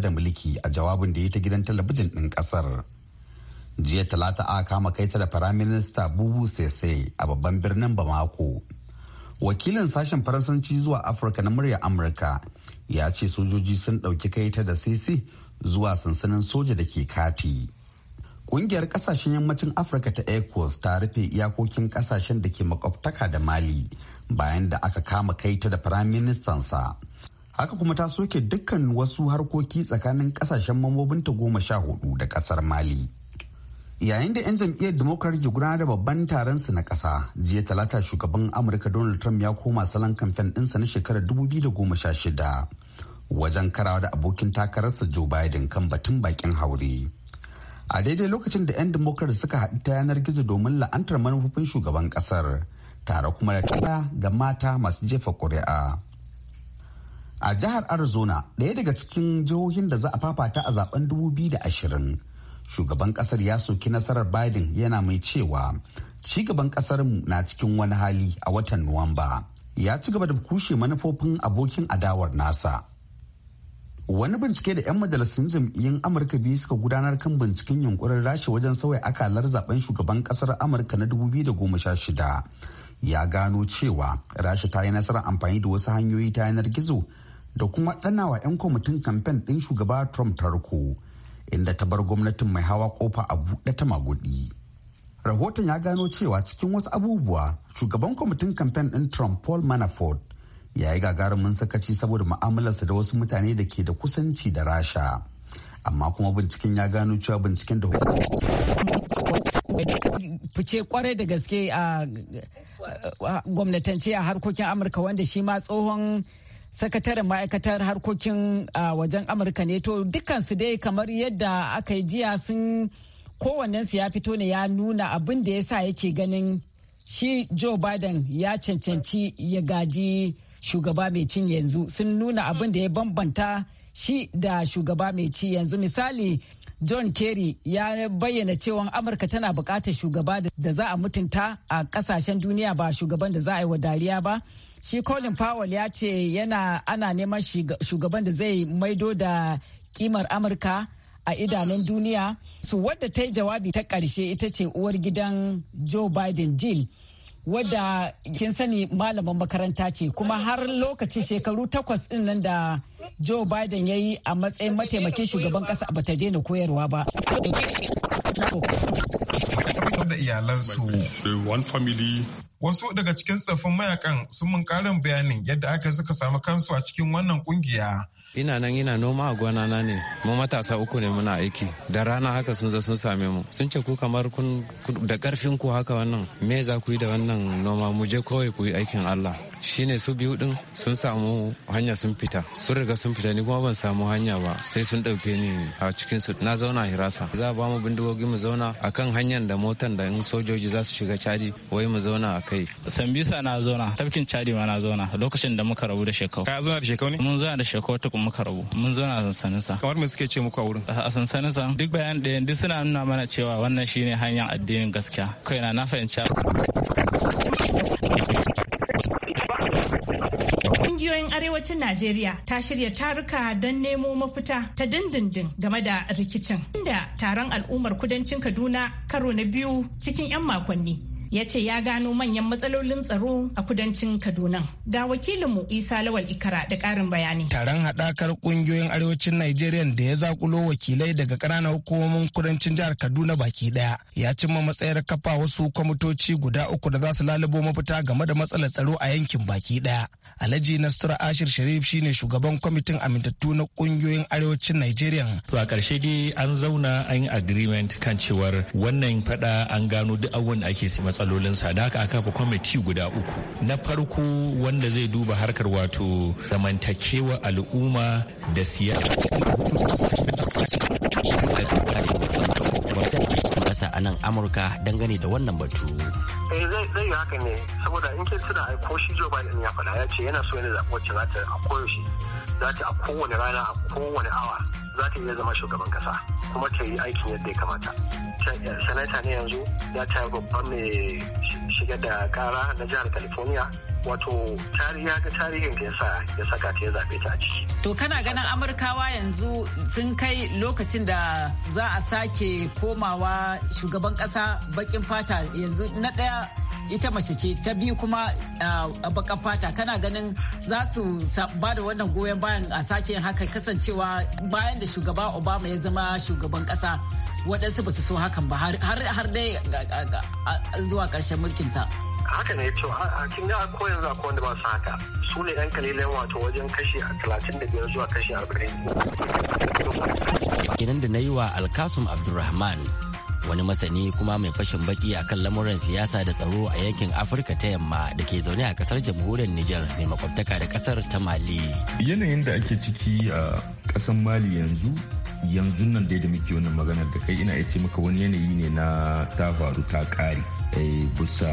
da mulki a jawabin da ya ta gidan talabijin ɗin ƙasar. Jiya talata a kama kai ta da Firaminista Bubu Sese a babban birnin Bamako. Wakilin sashen Faransanci zuwa Afirka na murya Amurka ya ce sojoji sun ɗauki kai ta da Sese zuwa sansanin soja da ke kati. Ƙungiyar ƙasashen yammacin Afirka ta Ecos ta rufe iyakokin ƙasashen da ke makwabtaka da Mali bayan da aka kama kai ta da firayim sa. haka kuma ta soke dukkan wasu harkoki tsakanin kasashen mambobinta goma sha hudu da kasar mali yayin da 'yan jam'iyyar democrat ke gudanar da babban taron su na kasa jiya talata shugaban amurka donald trump ya koma salon kamfen ɗinsa na shekarar 2016 wajen karawa da abokin takararsa joe biden kan batun bakin haure a daidai lokacin da 'yan democrat suka haɗu ta yanar gizo domin la'antar manufofin shugaban kasar. tare kuma da tara ga mata masu jefa ƙuri'a. A jihar Arizona, ɗaya daga cikin jihohin da za a fafata a zaben 2020, shugaban ƙasar ya soki nasarar Biden yana mai cewa cigaban ƙasarmu na cikin wani hali a watan Nuwamba. Ya ci gaba da kushe manufofin abokin adawar nasa. Wani bincike da 'yan majalisun jam'iyyun Amurka biyu suka gudanar kan binciken yunkurin rashe wajen sauya akalar zaben shugaban kasar Amurka na 2016 ya gano cewa rasha ta yi nasarar amfani da wasu hanyoyi ta yanar gizo da kuma danawa 'yan kwamitin kamfen ɗin shugaba trump tarko inda ta bar gwamnatin mai hawa kofa a buɗe ta magudi rahoton ya gano cewa cikin wasu abubuwa shugaban kwamitin kamfen ɗin trump paul manafort ya yi gagarumin sakaci saboda mu'amalarsa da wasu mutane da ke da kusanci da rasha amma kuma binciken ya gano cewa binciken da fice kwarai da gaske a gwamnatance a harkokin amurka wanda shi ma tsohon sakataren ma'aikatar harkokin wajen amurka ne to dukansu dai kamar yadda aka yi jiya sun kowannensu ya fito ne ya nuna abin da ya sa yake ganin shi joe biden ya cancanci ya gaji shugaba mai cin yanzu sun nuna abin da ya bambanta shi da shugaba mai ci yanzu misali John Kerry ya bayyana cewa Amurka tana bukatar shugaba da za a mutunta a kasashen duniya ba shugaban da za a yi wa dariya ba. Shi Colin Powell ya ce yana ana neman shugaban da zai maido da kimar Amurka a idanun duniya. Su wadda ta yi jawabi ta karshe ita ce uwar gidan Joe Biden Jill wadda kin sani malaman makaranta ce kuma har lokacin shekaru takwas din nan da Joe Biden ya yi a matsayin mataimakin shugaban kasa bata daina koyarwa ba. da iyalansu. Wasu daga cikin tsoffin mayakan sun mun karin bayanin yadda aka suka samu kansu a cikin wannan kungiya. Ina nan ina noma a gona na ne, mu matasa uku ne muna aiki. Da rana haka sun zo sun same mu. Sun ce ku kamar kun da karfin ku haka wannan, me za ku yi da wannan noma mu je kawai ku yi aikin Allah. shine su biyu din sun samu hanya sun fita sun riga sun fita ni kuma ban samu hanya ba sai sun dauke ni a cikin su na zauna hirasa za ba mu bindigogi mu zauna akan hanyar da motan da in sojoji za su shiga caji wai mu zauna a kai sambisa na zauna tafkin caji ma na zauna lokacin da muka rabu da shekau ka zauna da shekau ne mun zauna da shekau tukun muka rabu mun zauna a sansanin sa kamar me suke ce muku a wurin a sansanin sa duk bayan da duk suna nuna mana cewa wannan shine hanyar addinin gaskiya kaina na fahimci kungiyoyin arewacin Najeriya ta shirya taruka don nemo mafita ta dindindin game da rikicin. Inda taron al'ummar kudancin Kaduna karo na biyu cikin 'yan makonni ya ce ya gano manyan matsalolin tsaro a kudancin Kaduna. Ga wakilinmu Isa Lawal Ikara da ƙarin bayani. Taron haɗakar ƙungiyoyin arewacin Najeriya da ya zakulo wakilai daga ƙananan hukumomin kudancin jihar Kaduna baki ɗaya ya cimma matsayar kafa wasu kwamitoci guda uku da za su lalubo mafita game da matsalar tsaro a yankin baki ɗaya. Alhaji Nastura Ashir Sharif shine shugaban kwamitin amintattu na ƙungiyoyin arewacin Najeriya. To a ƙarshe dai an zauna an yi agreement kan cewar wannan faɗa an gano duk abubuwan da ake matsala matsalolinsa da haka aka fi kwamiti guda uku na farko wanda zai duba harkar wato zamantakewa al'umma da siyasa a nan amurka dangane da wannan batu eh zai yi haka ne saboda in ke tuna ko shi Joe Biden ya faɗa ya ce yana so ne zaɓi wacce za ta a koyaushe za ta a kowane rana a kowane awa za ta iya zama shugaban kasa kuma ta yi aikin yadda ya kamata eh, sanata ne yanzu ya ta babban mai shiga da kara na jihar California wato tarihi ga tarihin da yasa ya saka ta ya zaɓe ta ciki. To kana ganin Amurkawa yanzu sun kai lokacin da za a sake komawa shugaban kasa baƙin fata yanzu na ɗaya ita mace ce ta biyu kuma a baƙar fata kana ganin za su ba da wannan goyon bayan a sake haka kasancewa bayan da shugaba Obama ya zama shugaban kasa. waɗansu ba su so hakan ba har dai zuwa ƙarshen ta. haka ne to a kin ga ko yanzu akwai wanda ba su haka su ne ɗan kalilan wato wajen kashi talatin da biyar zuwa kashi arba'in. kinan da na yi wa alkasum abdulrahman wani masani kuma mai fashin baki akan lamuran siyasa da tsaro a yankin afirka ta yamma da ke zaune a kasar jamhuriyar niger mai makwabtaka da kasar ta mali yanayin da ake ciki a kasan mali yanzu yanzu nan dai da muke wannan maganar da kai ina yace ce maka wani yanayi ne na ta faru ta kare eh, bisa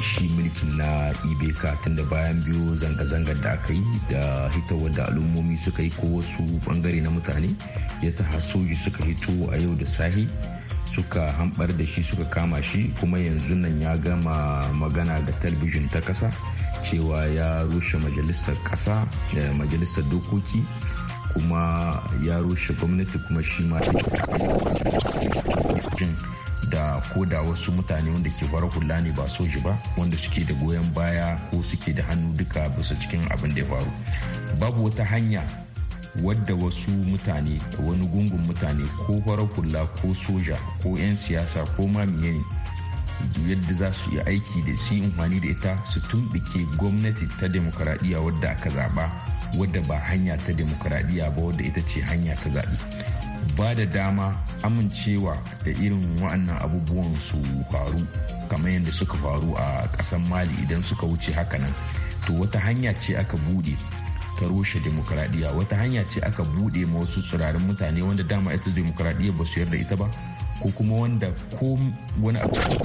shi mulkin na ibeka tunda bayan biyo zanga-zangar da aka yi da hito wanda al'ummomi suka yi ko wasu bangare na mutane ya sa soji suka hito a yau da sahi suka hambar da shi suka kama shi kuma yanzu nan ya gama magana ga talbijin ta kasa cewa ya rushe majalisar kasa da eh, majalisar dokoki kuma ya rushe gwamnati kuma shi ma da ko da wasu mutane wanda ke fara hula ne ba shi ba wanda suke da goyon baya ko suke da hannu duka bisa cikin abin da ya faru babu wata hanya wadda wasu mutane wani gungun mutane ko farar hula ko soja ko 'yan siyasa ko ma miyani. yadda za su yi aiki da shi amfani da ita su tumbike gwamnati ta demokaradiyya wadda aka zaɓa wadda ba hanya ta demokaradiyya ba wadda ita ce hanya ta zaɓi. ba da dama amincewa da irin wa'annan abubuwan su faru kamar yadda suka faru a ƙasar mali idan suka wuce haka nan to wata hanya ce aka bude ta rushe demokradiyya wata hanya ce aka bude ma wasu tsirarin mutane wanda dama ita demokradiyya ba su yarda ita ba ko kuma wanda ko wani abu